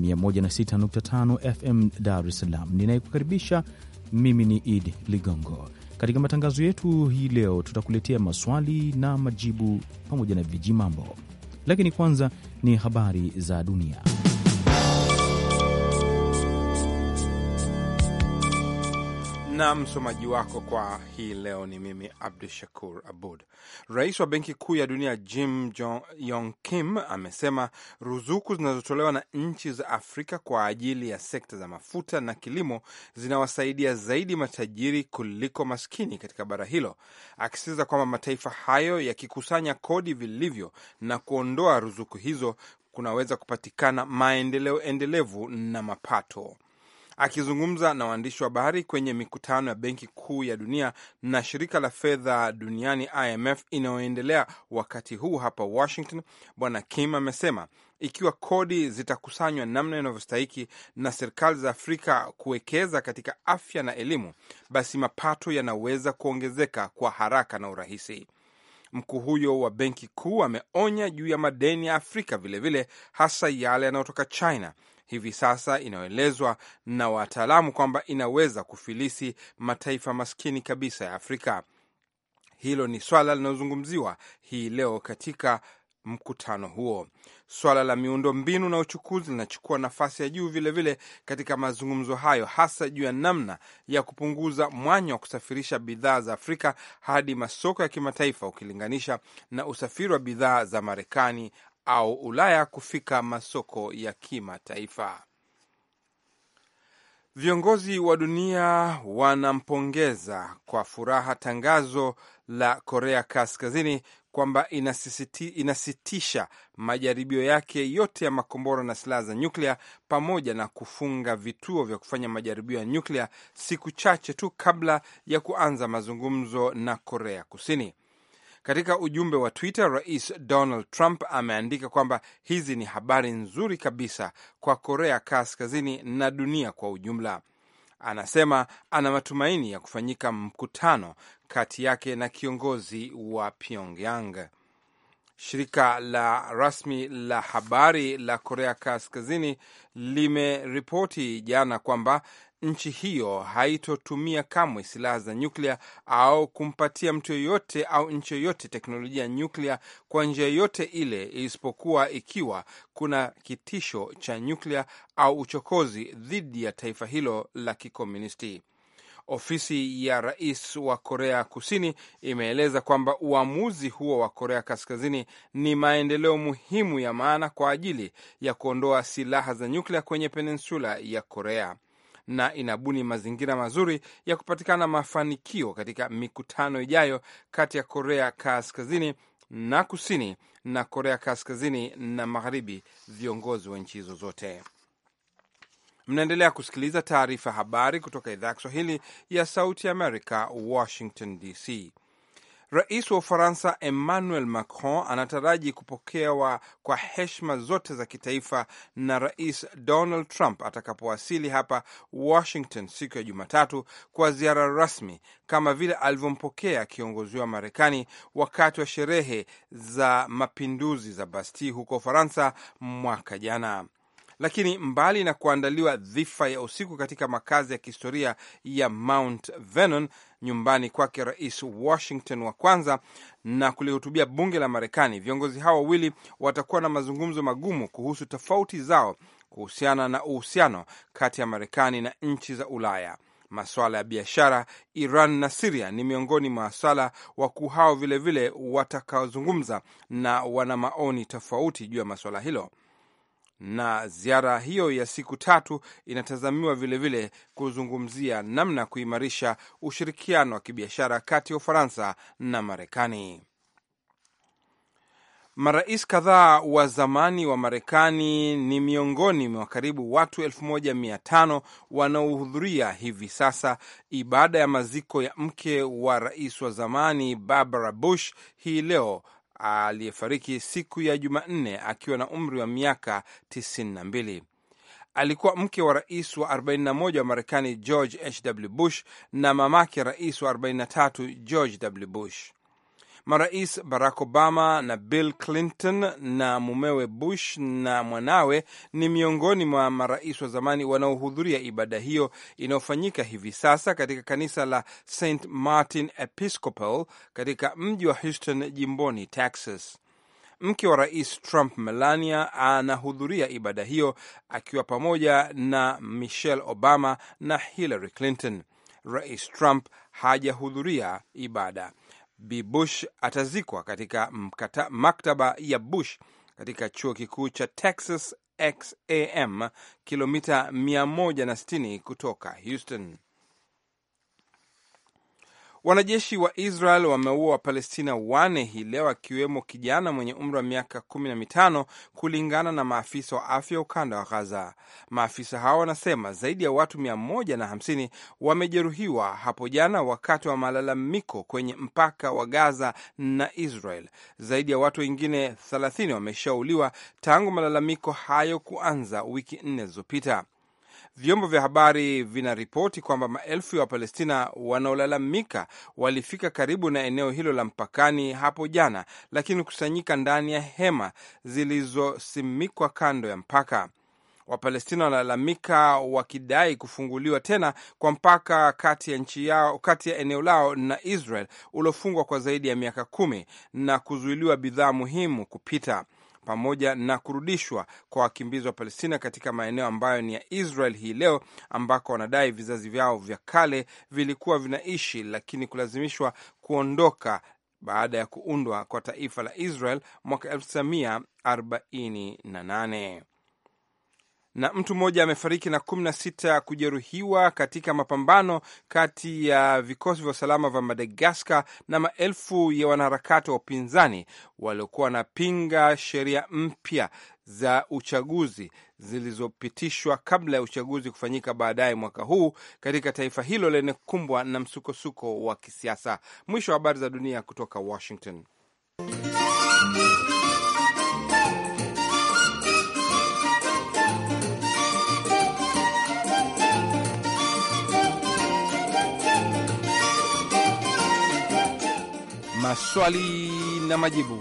106.5 FM Dar es Salaam. Ninayekukaribisha mimi ni Idi Ligongo. Katika matangazo yetu hii leo, tutakuletea maswali na majibu pamoja na vijimambo, lakini kwanza ni habari za dunia. na msomaji wako kwa hii leo ni mimi Abdu Shakur Abud. Rais wa Benki Kuu ya Dunia Jim Yong Kim amesema ruzuku zinazotolewa na nchi za Afrika kwa ajili ya sekta za mafuta na kilimo zinawasaidia zaidi matajiri kuliko maskini katika bara hilo, akisisitiza kwamba mataifa hayo yakikusanya kodi vilivyo na kuondoa ruzuku hizo kunaweza kupatikana maendeleo endelevu na mapato. Akizungumza na waandishi wa habari kwenye mikutano ya Benki Kuu ya Dunia na Shirika la Fedha Duniani IMF inayoendelea wakati huu hapa Washington, Bwana Kim amesema ikiwa kodi zitakusanywa namna inavyostahiki na serikali za Afrika kuwekeza katika afya na elimu, basi mapato yanaweza kuongezeka kwa haraka na urahisi. Mkuu huyo wa benki kuu ameonya juu ya madeni ya Afrika vilevile, hasa yale yanayotoka China hivi sasa inayoelezwa na wataalamu kwamba inaweza kufilisi mataifa maskini kabisa ya Afrika. Hilo ni swala linalozungumziwa hii leo katika mkutano huo. Swala la miundo mbinu na uchukuzi linachukua nafasi ya juu vilevile vile katika mazungumzo hayo, hasa juu ya namna ya kupunguza mwanya wa kusafirisha bidhaa za Afrika hadi masoko ya kimataifa ukilinganisha na usafiri wa bidhaa za Marekani au Ulaya kufika masoko ya kimataifa. Viongozi wa dunia wanampongeza kwa furaha tangazo la Korea Kaskazini kwamba inasitisha majaribio yake yote ya makombora na silaha za nyuklia pamoja na kufunga vituo vya kufanya majaribio ya nyuklia siku chache tu kabla ya kuanza mazungumzo na Korea Kusini. Katika ujumbe wa Twitter, Rais Donald Trump ameandika kwamba hizi ni habari nzuri kabisa kwa Korea Kaskazini na dunia kwa ujumla. Anasema ana matumaini ya kufanyika mkutano kati yake na kiongozi wa Pyongyang. Shirika la rasmi la habari la Korea Kaskazini limeripoti jana kwamba nchi hiyo haitotumia kamwe silaha za nyuklia au kumpatia mtu yoyote au nchi yoyote teknolojia ya nyuklia kwa njia yoyote ile, isipokuwa ikiwa kuna kitisho cha nyuklia au uchokozi dhidi ya taifa hilo la kikomunisti. Ofisi ya rais wa Korea Kusini imeeleza kwamba uamuzi huo wa Korea Kaskazini ni maendeleo muhimu ya maana kwa ajili ya kuondoa silaha za nyuklia kwenye peninsula ya Korea na inabuni mazingira mazuri ya kupatikana mafanikio katika mikutano ijayo kati ya Korea Kaskazini na Kusini na Korea Kaskazini na Magharibi, viongozi wa nchi hizo zote. Mnaendelea kusikiliza taarifa habari kutoka idhaa ya Kiswahili ya Sauti ya Amerika, Washington DC. Rais wa Ufaransa Emmanuel Macron anataraji kupokewa kwa heshima zote za kitaifa na Rais Donald Trump atakapowasili hapa Washington siku ya Jumatatu kwa ziara rasmi, kama vile alivyompokea kiongozi wa Marekani wakati wa sherehe za mapinduzi za Bastille huko Ufaransa mwaka jana. Lakini mbali na kuandaliwa dhifa ya usiku katika makazi ya kihistoria ya Mount Vernon, nyumbani kwake Rais Washington wa kwanza, na kulihutubia bunge la Marekani, viongozi hao wawili watakuwa na mazungumzo magumu kuhusu tofauti zao kuhusiana na uhusiano kati ya Marekani na nchi za Ulaya. Masuala ya biashara, Iran na Siria ni miongoni mwa maswala wakuu hao vilevile watakaozungumza, na wana maoni tofauti juu ya masuala hilo na ziara hiyo ya siku tatu inatazamiwa vilevile kuzungumzia namna ya kuimarisha ushirikiano wa kibiashara kati ya Ufaransa na Marekani. Marais kadhaa wa zamani wa Marekani ni miongoni mwa karibu watu elfu moja mia tano wanaohudhuria hivi sasa ibada ya maziko ya mke wa rais wa zamani Barbara Bush hii leo aliyefariki siku ya Jumanne akiwa na umri wa miaka 92. Alikuwa mke wa rais wa 41 wa Marekani George H W Bush na mamake rais wa 43 George W Bush marais Barack Obama na Bill Clinton na mumewe Bush na mwanawe ni miongoni mwa marais wa zamani wanaohudhuria ibada hiyo inayofanyika hivi sasa katika kanisa la St Martin Episcopal katika mji wa Houston, jimboni Texas. Mke wa rais Trump, Melania, anahudhuria ibada hiyo akiwa pamoja na Michelle Obama na Hillary Clinton. Rais Trump hajahudhuria ibada. Bi Bush atazikwa katika mkata, maktaba ya Bush katika chuo kikuu cha Texas XAM, kilomita 160 kutoka Houston. Wanajeshi wa Israel wameua Wapalestina wane hii leo, akiwemo kijana mwenye umri wa miaka kumi na mitano, kulingana na maafisa wa afya ukanda wa Ghaza. Maafisa hao wanasema zaidi ya watu mia moja na hamsini wamejeruhiwa hapo jana wakati wa malalamiko kwenye mpaka wa Gaza na Israel. Zaidi ya watu wengine thelathini wameshauliwa tangu malalamiko hayo kuanza wiki nne zilizopita. Vyombo vya habari vinaripoti kwamba maelfu ya Wapalestina wanaolalamika walifika karibu na eneo hilo la mpakani hapo jana, lakini kusanyika ndani ya hema zilizosimikwa kando ya mpaka. Wapalestina wanalalamika wakidai kufunguliwa tena kwa mpaka kati ya nchi yao, kati ya eneo lao na Israel uliofungwa kwa zaidi ya miaka kumi na kuzuiliwa bidhaa muhimu kupita pamoja na kurudishwa kwa wakimbizi wa Palestina katika maeneo ambayo ni ya Israel hii leo, ambako wanadai vizazi vyao vya kale vilikuwa vinaishi, lakini kulazimishwa kuondoka baada ya kuundwa kwa taifa la Israel mwaka 1948 na mtu mmoja amefariki na kumi na sita kujeruhiwa katika mapambano kati ya vikosi vya usalama vya Madagaskar na maelfu ya wanaharakati wa upinzani waliokuwa wanapinga sheria mpya za uchaguzi zilizopitishwa kabla ya uchaguzi kufanyika baadaye mwaka huu katika taifa hilo lenye kumbwa na msukosuko wa kisiasa. Mwisho wa habari za dunia kutoka Washington. maswali na majibu.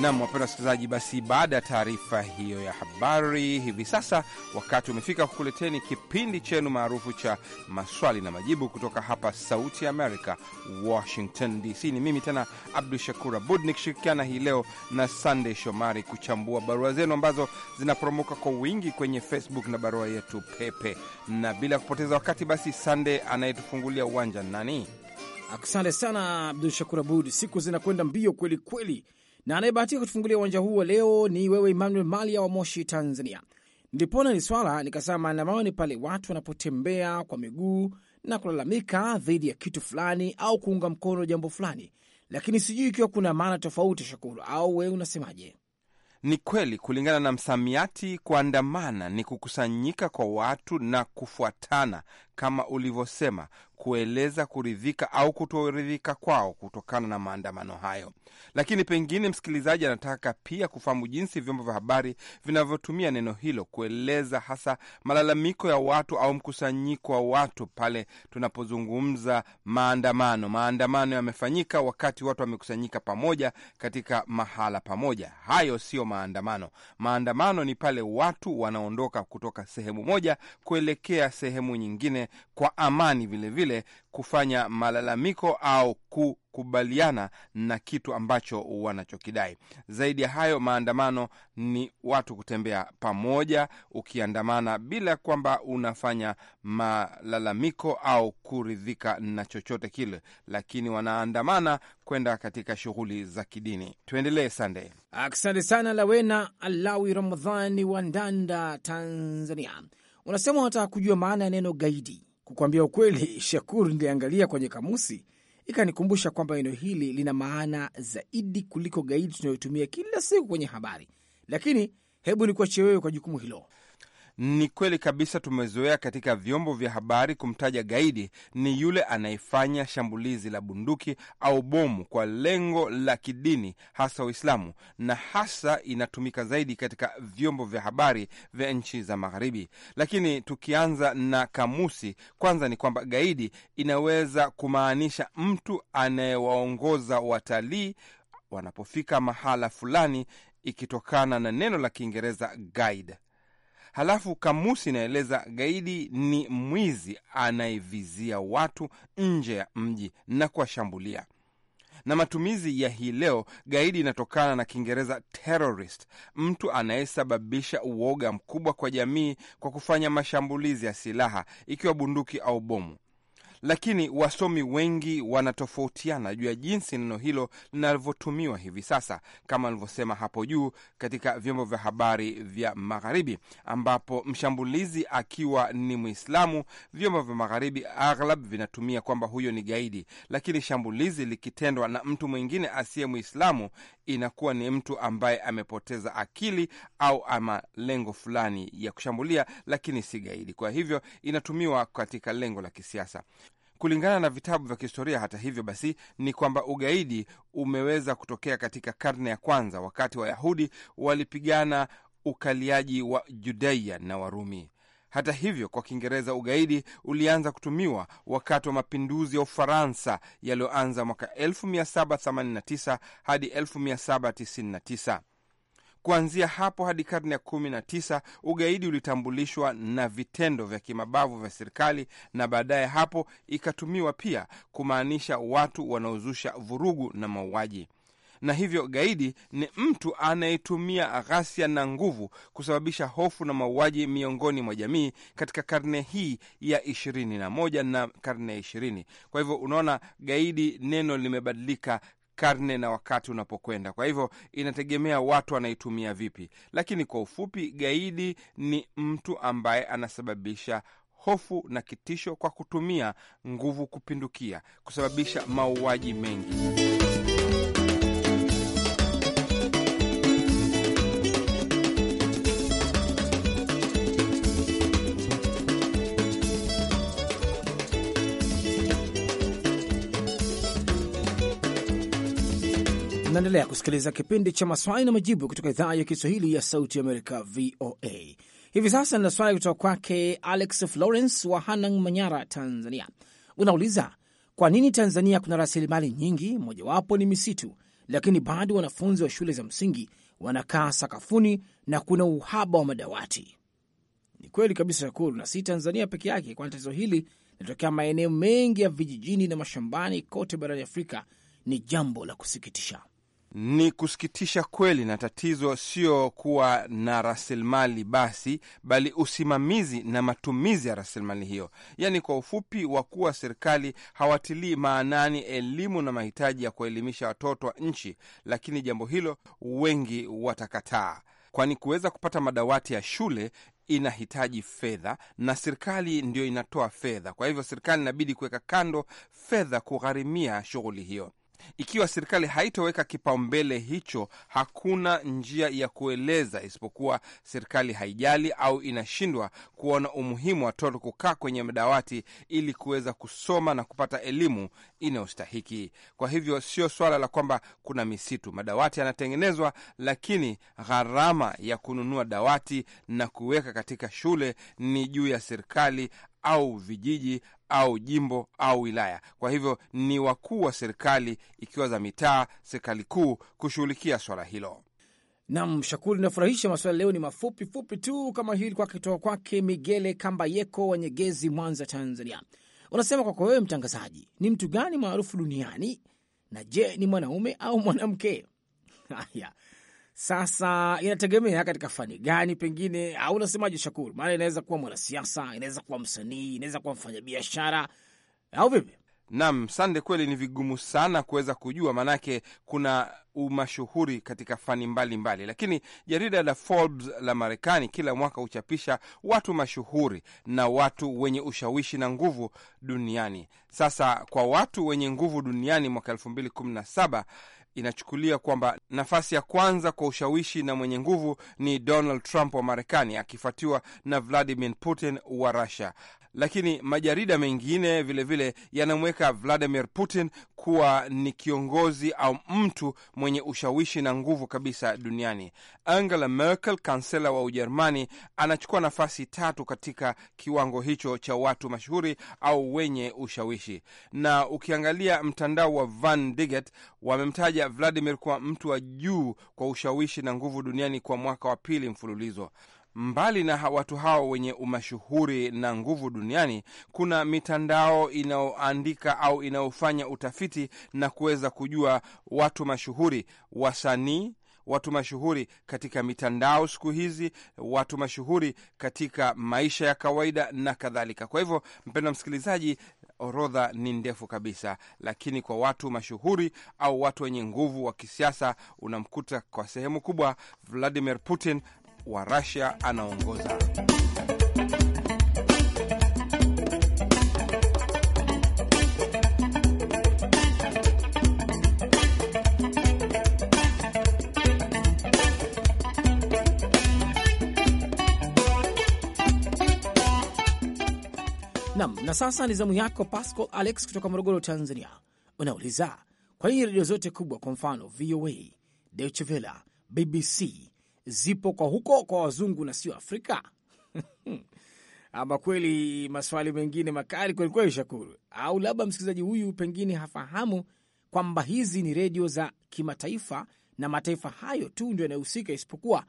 Nam, wapenda wasikilizaji, basi baada ya taarifa hiyo ya habari, hivi sasa wakati umefika kukuleteni kipindi chenu maarufu cha maswali na majibu kutoka hapa Sauti ya Amerika, Washington DC. Ni mimi tena Abdu Shakur Abud nikishirikiana hii leo na Sandey Shomari kuchambua barua zenu ambazo zinaporomoka kwa wingi kwenye Facebook na barua yetu pepe. Na bila kupoteza wakati, basi Sandey anayetufungulia uwanja nani? Asante sana Abdu Shakur Abud, siku zinakwenda mbio kweli kweli na anayebahatika kutufungulia uwanja huo leo ni wewe Emmanuel Malia wa Moshi, Tanzania. Ndipona ni swala nikasema, maandamano ni pale watu wanapotembea kwa miguu na kulalamika dhidi ya kitu fulani au kuunga mkono jambo fulani, lakini sijui ikiwa kuna maana tofauti, shakuru au wewe unasemaje? Ni kweli, kulingana na msamiati, kuandamana ni kukusanyika kwa watu na kufuatana kama ulivyosema, kueleza kuridhika au kutoridhika kwao kutokana na maandamano hayo. Lakini pengine msikilizaji anataka pia kufahamu jinsi vyombo vya habari vinavyotumia neno hilo kueleza hasa malalamiko ya watu au mkusanyiko wa watu pale tunapozungumza maandamano. Maandamano yamefanyika wakati watu wamekusanyika pamoja katika mahala pamoja. Hayo sio maandamano. Maandamano ni pale watu wanaondoka kutoka sehemu moja kuelekea sehemu nyingine kwa amani, vilevile vile kufanya malalamiko au kukubaliana na kitu ambacho wanachokidai. Zaidi ya hayo, maandamano ni watu kutembea pamoja, ukiandamana bila kwamba unafanya malalamiko au kuridhika na chochote kile, lakini wanaandamana kwenda katika shughuli za kidini. Tuendelee, Sande. Asante sana Lawena Alawi Ramadhani wa Ndanda, Tanzania. Unasema unataka kujua maana ya neno gaidi. Kukwambia ukweli, Shakur, niliangalia kwenye kamusi ikanikumbusha kwamba neno hili lina maana zaidi kuliko gaidi tunayotumia kila siku kwenye habari, lakini hebu nikuachie wewe kwa jukumu hilo. Ni kweli kabisa, tumezoea katika vyombo vya habari kumtaja gaidi ni yule anayefanya shambulizi la bunduki au bomu kwa lengo la kidini, hasa Uislamu, na hasa inatumika zaidi katika vyombo vya habari vya nchi za Magharibi. Lakini tukianza na kamusi, kwanza ni kwamba gaidi inaweza kumaanisha mtu anayewaongoza watalii wanapofika mahala fulani ikitokana na neno la Kiingereza guide. Halafu kamusi inaeleza gaidi ni mwizi anayevizia watu nje ya mji na kuwashambulia. Na matumizi ya hii leo gaidi inatokana na Kiingereza terrorist, mtu anayesababisha uoga mkubwa kwa jamii kwa kufanya mashambulizi ya silaha, ikiwa bunduki au bomu lakini wasomi wengi wanatofautiana juu ya jinsi neno hilo linavyotumiwa hivi sasa, kama alivyosema hapo juu katika vyombo vya habari vya Magharibi, ambapo mshambulizi akiwa ni Mwislamu, vyombo vya Magharibi aghlab vinatumia kwamba huyo ni gaidi, lakini shambulizi likitendwa na mtu mwingine asiye Mwislamu inakuwa ni mtu ambaye amepoteza akili au ama lengo fulani ya kushambulia, lakini si gaidi. Kwa hivyo inatumiwa katika lengo la kisiasa. Kulingana na vitabu vya kihistoria, hata hivyo basi, ni kwamba ugaidi umeweza kutokea katika karne ya kwanza, wakati Wayahudi walipigana ukaliaji wa Judeia na Warumi. Hata hivyo, kwa Kiingereza ugaidi ulianza kutumiwa wakati wa mapinduzi ya Ufaransa yaliyoanza mwaka 1789 hadi 1799. Kuanzia hapo hadi karne ya kumi na tisa ugaidi ulitambulishwa na vitendo vya kimabavu vya serikali, na baadaye hapo ikatumiwa pia kumaanisha watu wanaozusha vurugu na mauaji na hivyo gaidi ni mtu anayetumia ghasia na nguvu kusababisha hofu na mauaji miongoni mwa jamii katika karne hii ya ishirini na moja na karne ya ishirini. Kwa hivyo unaona, gaidi neno limebadilika karne na wakati unapokwenda. Kwa hivyo inategemea watu wanaitumia vipi, lakini kwa ufupi, gaidi ni mtu ambaye anasababisha hofu na kitisho kwa kutumia nguvu kupindukia, kusababisha mauaji mengi. Unaendelea kusikiliza kipindi cha maswali na majibu kutoka idhaa ya Kiswahili ya Sauti Amerika, VOA. Hivi sasa nina swali kutoka kwake Alex Florence wa Hanang', Manyara, Tanzania. Unauliza, kwa nini Tanzania kuna rasilimali nyingi, mojawapo ni misitu, lakini bado wanafunzi wa shule za msingi wanakaa sakafuni na kuna uhaba wa madawati? Ni kweli kabisa Shakuru, na si Tanzania peke yake, kwani tatizo hili linatokea maeneo mengi ya vijijini na mashambani kote barani Afrika. Ni jambo la kusikitisha. Ni kusikitisha kweli, na tatizo sio kuwa na rasilimali basi, bali usimamizi na matumizi ya rasilimali hiyo. Yaani, kwa ufupi, wakuu wa serikali hawatilii maanani elimu na mahitaji ya kuelimisha watoto wa nchi, lakini jambo hilo wengi watakataa, kwani kuweza kupata madawati ya shule inahitaji fedha na serikali ndio inatoa fedha. Kwa hivyo serikali inabidi kuweka kando fedha kugharimia shughuli hiyo. Ikiwa serikali haitoweka kipaumbele hicho, hakuna njia ya kueleza isipokuwa serikali haijali au inashindwa kuona umuhimu wa watoto kukaa kwenye madawati ili kuweza kusoma na kupata elimu inayostahiki. Kwa hivyo, sio swala la kwamba kuna misitu, madawati yanatengenezwa, lakini gharama ya kununua dawati na kuweka katika shule ni juu ya serikali au vijiji au jimbo au wilaya. Kwa hivyo ni wakuu wa serikali, ikiwa za mitaa, serikali kuu, kushughulikia swala hilo. Nam Shakuru, inafurahisha maswala leo ni mafupi fupi tu kama hili, kwake kutoka kwake Migele Kambayeko wa Nyegezi, Mwanza, Tanzania. Unasema kwako wewe mtangazaji, ni mtu gani maarufu duniani na je, ni mwanaume au mwanamke? Haya, sasa inategemea katika fani gani, pengine au unasemaje, Shakuru? Maana inaweza kuwa mwanasiasa, inaweza kuwa msanii, inaweza kuwa mfanyabiashara au vipi? Nam sande, kweli ni vigumu sana kuweza kujua, maanake kuna umashuhuri katika fani mbalimbali mbali. Lakini jarida la Forbes la Marekani kila mwaka huchapisha watu mashuhuri na watu wenye ushawishi na nguvu duniani. Sasa kwa watu wenye nguvu duniani mwaka elfu mbili kumi na saba inachukulia kwamba nafasi ya kwanza kwa ushawishi na mwenye nguvu ni Donald Trump wa Marekani, akifuatiwa na Vladimir Putin wa Russia lakini majarida mengine vilevile yanamweka Vladimir Putin kuwa ni kiongozi au mtu mwenye ushawishi na nguvu kabisa duniani. Angela Merkel, kansela wa Ujerumani, anachukua nafasi tatu katika kiwango hicho cha watu mashuhuri au wenye ushawishi. Na ukiangalia mtandao wa Van Diget, wamemtaja Vladimir kuwa mtu wa juu kwa ushawishi na nguvu duniani kwa mwaka wa pili mfululizo. Mbali na watu hao wenye umashuhuri na nguvu duniani, kuna mitandao inayoandika au inayofanya utafiti na kuweza kujua watu mashuhuri, wasanii watu mashuhuri katika mitandao siku hizi, watu mashuhuri katika maisha ya kawaida na kadhalika. Kwa hivyo, mpendwa msikilizaji, orodha ni ndefu kabisa, lakini kwa watu mashuhuri au watu wenye nguvu wa kisiasa, unamkuta kwa sehemu kubwa Vladimir Putin wa Russia anaongoza. Nam, na sasa ni zamu yako Pascal Alex kutoka Morogoro, Tanzania. Unauliza, kwa nini redio zote kubwa, kwa mfano VOA, Deutsche Welle, BBC zipo kwa huko kwa wazungu na sio Afrika? Ama kweli maswali mengine makali kwelikweli, Shakuru. Au labda msikilizaji huyu pengine hafahamu kwamba hizi ni redio za kimataifa na mataifa hayo tu ndio yanayohusika, isipokuwa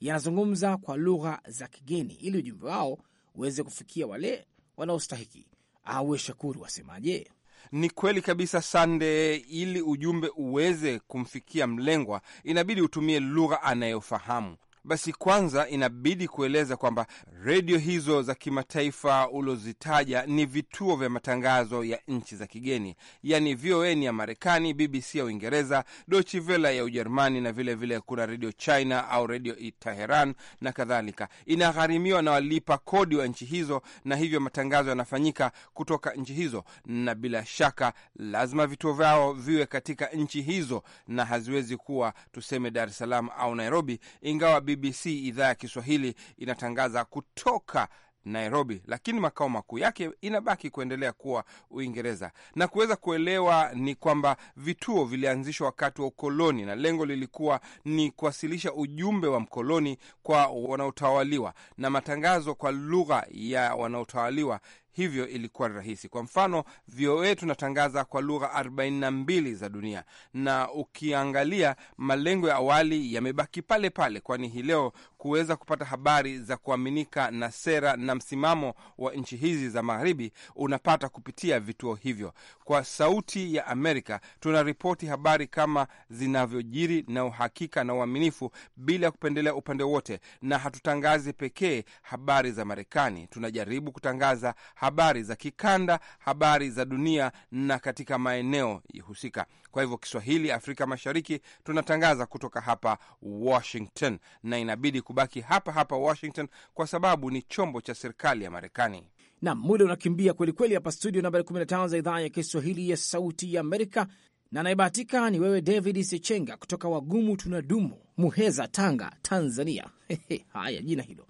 yanazungumza kwa lugha za kigeni ili ujumbe wao uweze kufikia wale wanaostahiki. Awe Shakuru, wasemaje? Ni kweli kabisa Sande, ili ujumbe uweze kumfikia mlengwa inabidi utumie lugha anayofahamu basi kwanza inabidi kueleza kwamba redio hizo za kimataifa ulozitaja ni vituo vya matangazo ya nchi za kigeni, yani VOA ni ya Marekani, BBC ya Uingereza, Deutsche Welle ya Ujerumani, na vilevile vile kuna redio China au redio Teheran na kadhalika. Inagharimiwa na walipa kodi wa nchi hizo, na hivyo matangazo yanafanyika kutoka nchi hizo, na bila shaka lazima vituo vyao viwe katika nchi hizo, na haziwezi kuwa tuseme Dar es Salaam au Nairobi, ingawa BBC idhaa ya Kiswahili inatangaza kutoka Nairobi, lakini makao makuu yake inabaki kuendelea kuwa Uingereza. Na kuweza kuelewa ni kwamba vituo vilianzishwa wakati wa ukoloni, na lengo lilikuwa ni kuwasilisha ujumbe wa mkoloni kwa wanaotawaliwa, na matangazo kwa lugha ya wanaotawaliwa hivyo ilikuwa rahisi. Kwa mfano, VOA tunatangaza kwa lugha 42 za dunia, na ukiangalia malengo ya awali yamebaki pale pale, kwani hii leo kuweza kupata habari za kuaminika na sera na msimamo wa nchi hizi za magharibi unapata kupitia vituo hivyo. Kwa Sauti ya Amerika tunaripoti habari kama zinavyojiri na uhakika na uaminifu bila ya kupendelea upande wote, na hatutangazi pekee habari za Marekani, tunajaribu kutangaza habari za kikanda, habari za dunia na katika maeneo husika. Kwa hivyo Kiswahili Afrika Mashariki tunatangaza kutoka hapa Washington, na inabidi kubaki hapa hapa Washington kwa sababu ni chombo cha serikali ya Marekani. Nam, muda unakimbia kwelikweli hapa studio nambari 15 za idhaa ya Kiswahili ya Sauti ya Amerika, na anayebahatika ni wewe David Sechenga kutoka Wagumu dumu Muheza, Tanga, Tanzania. Haya, jina hilo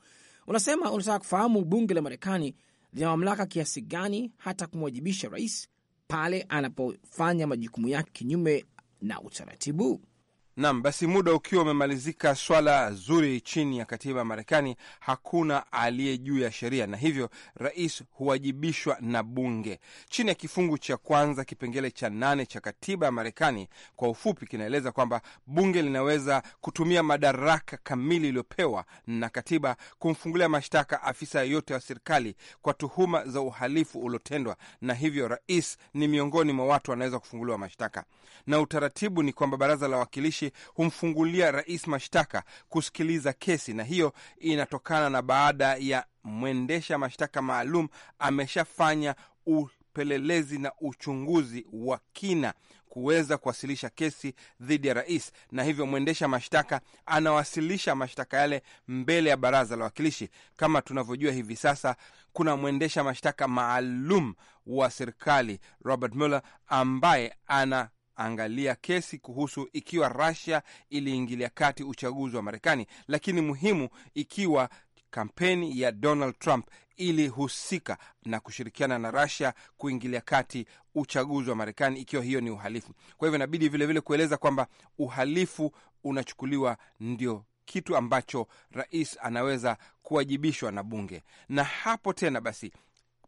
unasema unataka kufahamu bunge la Marekani lina mamlaka kiasi gani hata kumwajibisha rais pale anapofanya majukumu yake kinyume na utaratibu? Nam, basi muda ukiwa umemalizika, swala zuri. Chini ya katiba ya Marekani hakuna aliye juu ya sheria, na hivyo rais huwajibishwa na bunge. Chini ya kifungu cha kwanza kipengele cha nane cha katiba ya Marekani, kwa ufupi, kinaeleza kwamba bunge linaweza kutumia madaraka kamili iliyopewa na katiba kumfungulia mashtaka afisa yeyote wa serikali kwa tuhuma za uhalifu uliotendwa, na hivyo rais ni miongoni mwa watu wanaweza kufunguliwa mashtaka, na utaratibu ni kwamba baraza la wakilishi wake humfungulia rais mashtaka kusikiliza kesi, na hiyo inatokana na baada ya mwendesha mashtaka maalum ameshafanya upelelezi na uchunguzi wa kina kuweza kuwasilisha kesi dhidi ya rais, na hivyo mwendesha mashtaka anawasilisha mashtaka yale mbele ya baraza la wawakilishi. Kama tunavyojua hivi sasa, kuna mwendesha mashtaka maalum wa serikali Robert Mueller ambaye ana angalia kesi kuhusu ikiwa Russia iliingilia kati uchaguzi wa Marekani, lakini muhimu ikiwa kampeni ya Donald Trump ilihusika na kushirikiana na Russia kuingilia kati uchaguzi wa Marekani, ikiwa hiyo ni uhalifu. Kwa hivyo inabidi vilevile kueleza kwamba uhalifu unachukuliwa ndio kitu ambacho rais anaweza kuwajibishwa na bunge, na hapo tena basi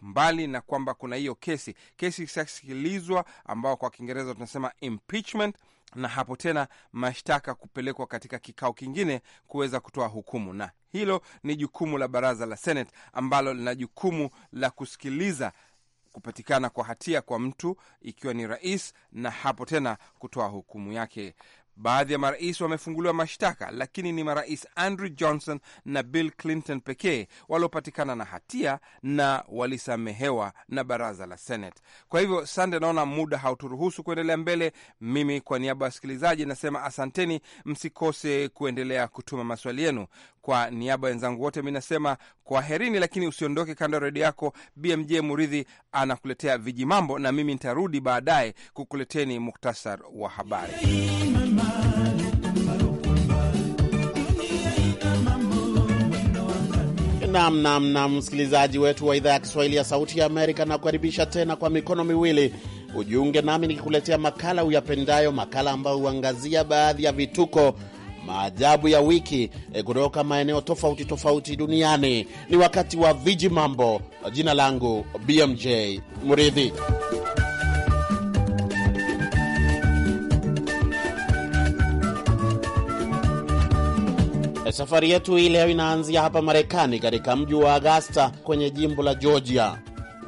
mbali na kwamba kuna hiyo kesi, kesi ishasikilizwa ambao kwa Kiingereza tunasema impeachment na hapo tena mashtaka kupelekwa katika kikao kingine kuweza kutoa hukumu, na hilo ni jukumu la baraza la Senate ambalo lina jukumu la kusikiliza kupatikana kwa hatia kwa mtu ikiwa ni rais, na hapo tena kutoa hukumu yake. Baadhi ya marais wamefunguliwa mashtaka, lakini ni marais Andrew Johnson na Bill Clinton pekee waliopatikana na hatia na walisamehewa na baraza la Senate. Kwa hivyo, Sande, naona muda hauturuhusu kuendelea mbele. Mimi kwa niaba ya wasikilizaji nasema asanteni, msikose kuendelea kutuma maswali yenu. Kwa niaba ya wenzangu wote, mi nasema kwaherini, lakini usiondoke kando ya redio yako. BMJ Muridhi anakuletea viji mambo, na mimi nitarudi baadaye kukuleteni muktasar wa habari. Nam nam nam, msikilizaji wetu wa idhaa ya Kiswahili ya Sauti ya Amerika, nakukaribisha tena kwa mikono miwili ujiunge nami nikikuletea makala uyapendayo, makala ambayo huangazia baadhi ya vituko maajabu ya wiki eh, kutoka maeneo tofauti tofauti duniani. Ni wakati wa viji mambo. Jina langu BMJ Muridhi. Eh, safari yetu hii leo inaanzia hapa Marekani, katika mji wa Agasta kwenye jimbo la Georgia.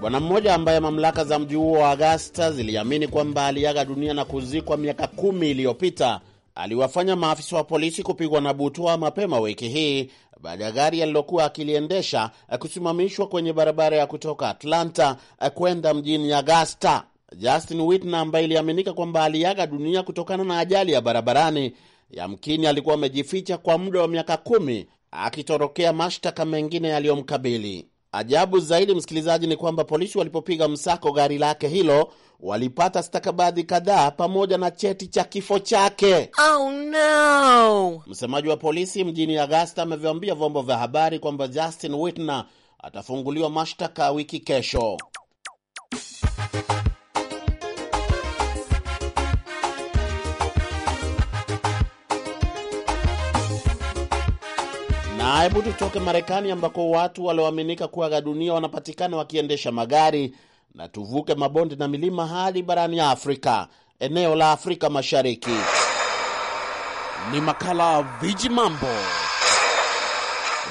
Bwana mmoja ambaye mamlaka za mji huo wa Agasta ziliamini kwamba aliaga dunia na kuzikwa miaka kumi iliyopita aliwafanya maafisa wa polisi kupigwa na butwa mapema wiki hii baada ya gari alilokuwa akiliendesha eh, kusimamishwa kwenye barabara ya kutoka Atlanta eh, kwenda mjini Augusta. Justin Whitner ambaye iliaminika kwamba aliaga dunia kutokana na ajali ya barabarani, yamkini alikuwa amejificha kwa muda wa miaka kumi akitorokea mashtaka mengine yaliyomkabili. Ajabu zaidi, msikilizaji, ni kwamba polisi walipopiga msako gari lake hilo walipata stakabadhi kadhaa pamoja na cheti cha kifo chake. Oh, no. Msemaji wa polisi mjini Augusta amevyoambia vyombo vya habari kwamba Justin Whitner atafunguliwa mashtaka wiki kesho. hebu tutoke Marekani ambako watu walioaminika kuaga dunia wanapatikana wakiendesha magari, na tuvuke mabonde na milima hadi barani ya Afrika, eneo la Afrika Mashariki. Ni makala Viji Mambo.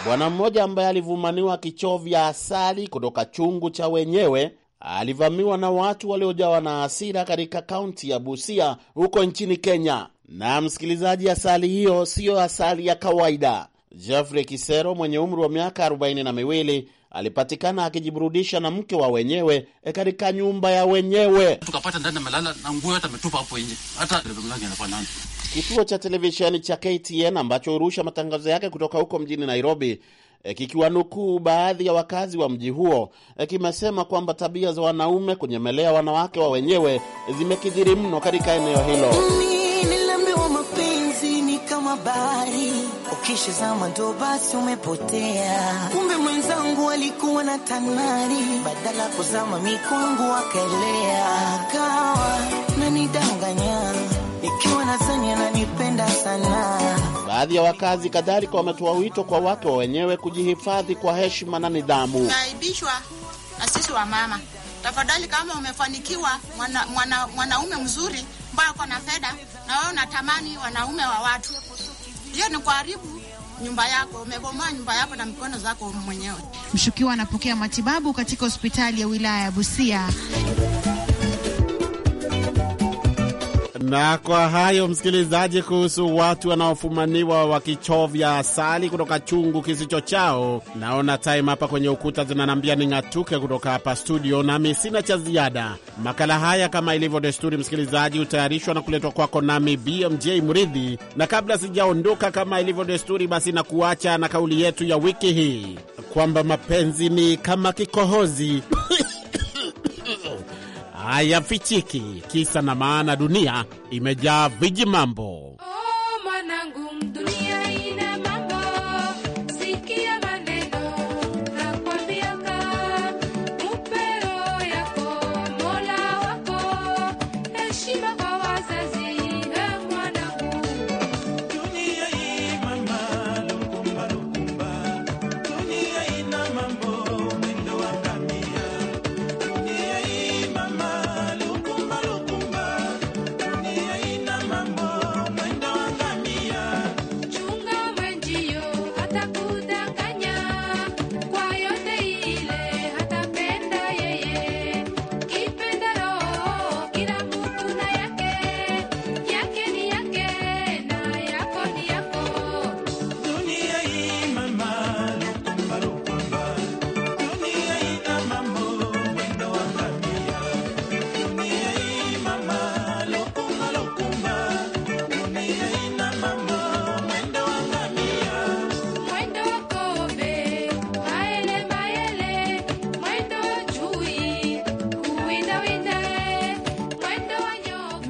Bwana mmoja ambaye alivumaniwa kichovya asali kutoka chungu cha wenyewe alivamiwa na watu waliojawa na hasira katika kaunti ya Busia huko nchini Kenya. Na msikilizaji, asali hiyo siyo asali ya kawaida, Jeffrey Kisero mwenye umri wa miaka arobaini na miwili alipatikana akijiburudisha na mke wa wenyewe e katika nyumba ya wenyewe. Tukapata ndani amelala na nguo yote ametupa hapo nje, hata kituo cha televisheni cha KTN ambacho hurusha matangazo yake kutoka huko mjini Nairobi e, kikiwanukuu baadhi ya wakazi wa mji huo e, kimesema kwamba tabia za wanaume kunyemelea wanawake wa wenyewe zimekidhiri mno katika eneo hilo. Nini, kisha zama ndo basi umepotea. Kumbe mwenzangu alikuwa na tamani, badala kuzama mikwangu akaelea, akawa nanidanganya nikiwa nazani ananipenda sana. Baadhi ya wakazi kadhalika wametoa wito kwa wake wa wenyewe kujihifadhi kwa heshima na nidhamu. Naaibishwa na sisi wa mama, tafadhali, kama umefanikiwa mwanaume mwana, mwana mzuri ambaye ako na fedha na wewe unatamani wanaume wa watu, hiyo ni kuharibu nyumba yako, umebomoa nyumba yako na mikono zako mwenyewe. Mshukiwa anapokea matibabu katika hospitali ya wilaya ya Busia. Na kwa hayo msikilizaji, kuhusu watu wanaofumaniwa wakichovya asali kutoka chungu kisicho chao, naona time hapa kwenye ukuta zinanambia ning'atuke kutoka hapa studio, nami sina cha ziada. Makala haya kama ilivyo desturi, msikilizaji, hutayarishwa na kuletwa kwako nami BMJ Mridhi, na kabla sijaondoka, kama ilivyo desturi, basi na kuacha na kauli yetu ya wiki hii kwamba mapenzi ni kama kikohozi hayafichiki. Kisa na maana, dunia imejaa viji mambo. Oh, mwanangu, dunia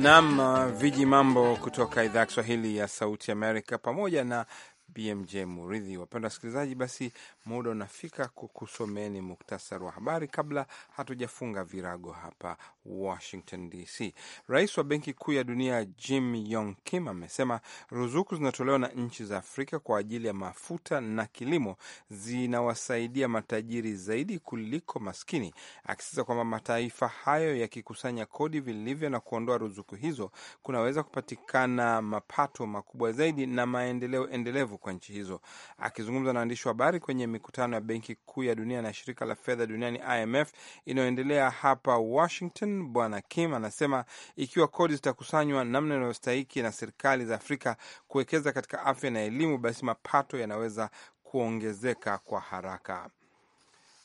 nam uh, viji mambo kutoka idhaa ya Kiswahili ya Sauti Amerika pamoja na BMJ Muridhi. Wapenda wasikilizaji, basi muda unafika kukusomeni muktasari wa habari kabla hatujafunga virago hapa Washington DC. Rais wa Benki Kuu ya Dunia Jim Yong Kim amesema ruzuku zinatolewa na nchi za Afrika kwa ajili ya mafuta na kilimo zinawasaidia matajiri zaidi kuliko maskini, akisisitiza kwamba mataifa hayo yakikusanya kodi vilivyo na kuondoa ruzuku hizo kunaweza kupatikana mapato makubwa zaidi na maendeleo endelevu kwa nchi hizo. Akizungumza na waandishi wa habari kwenye mikutano ya Benki Kuu ya Dunia na Shirika la Fedha Duniani IMF inayoendelea hapa Washington, Bwana Kim anasema ikiwa kodi zitakusanywa namna inayostahiki na serikali za Afrika kuwekeza katika afya na elimu, basi mapato yanaweza kuongezeka kwa haraka.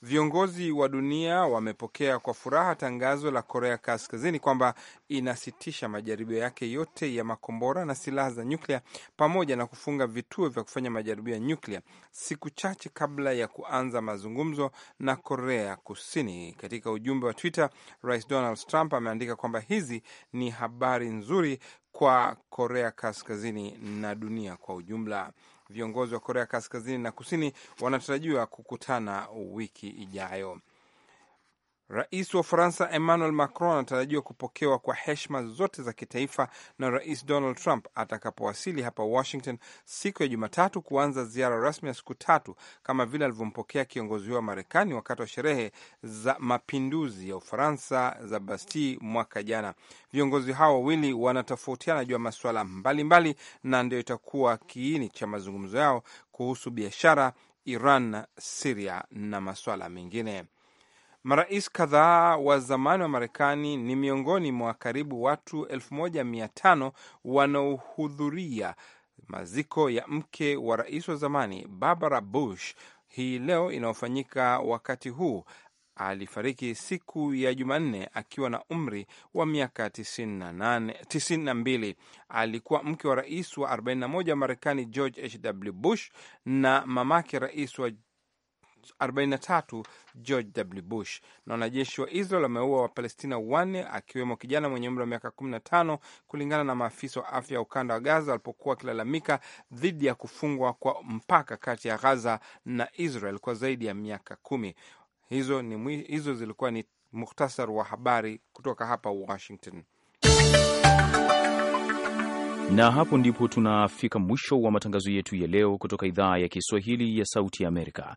Viongozi wa dunia wamepokea kwa furaha tangazo la Korea Kaskazini kwamba inasitisha majaribio yake yote ya makombora na silaha za nyuklia pamoja na kufunga vituo vya kufanya majaribio ya nyuklia siku chache kabla ya kuanza mazungumzo na Korea Kusini. Katika ujumbe wa Twitter, Rais Donald Trump ameandika kwamba hizi ni habari nzuri kwa Korea Kaskazini na dunia kwa ujumla. Viongozi wa Korea Kaskazini na Kusini wanatarajiwa kukutana wiki ijayo. Rais wa Ufaransa Emmanuel Macron anatarajiwa kupokewa kwa heshima zote za kitaifa na Rais Donald Trump atakapowasili hapa Washington siku ya Jumatatu kuanza ziara rasmi ya siku tatu kama vile alivyompokea kiongozi huyo wa Marekani wakati wa sherehe za mapinduzi ya Ufaransa za Bastille mwaka jana. Viongozi hao wawili wanatofautiana juu ya masuala mbalimbali, na ndio itakuwa kiini cha mazungumzo yao kuhusu biashara, Iran, Siria na masuala mengine. Marais kadhaa wa zamani wa Marekani ni miongoni mwa karibu watu 15 wanaohudhuria maziko ya mke wa rais wa zamani Barbara Bush hii leo inayofanyika wakati huu. Alifariki siku ya Jumanne akiwa na umri wa miaka 92. Alikuwa mke wa rais wa 41 wa Marekani George H. W. Bush na mamake rais wa 43 George W. Bush. Na wanajeshi wa Israel wameua Wapalestina wanne akiwemo kijana mwenye umri wa miaka 15 kulingana na maafisa wa afya ya ukanda wa Gaza walipokuwa wakilalamika dhidi ya kufungwa kwa mpaka kati ya Gaza na Israel kwa zaidi ya miaka kumi. Hizo, ni, hizo zilikuwa ni muhtasar wa habari kutoka hapa Washington. Na hapo ndipo tunafika mwisho wa matangazo yetu ya leo kutoka idhaa ya Kiswahili ya Sauti ya Amerika.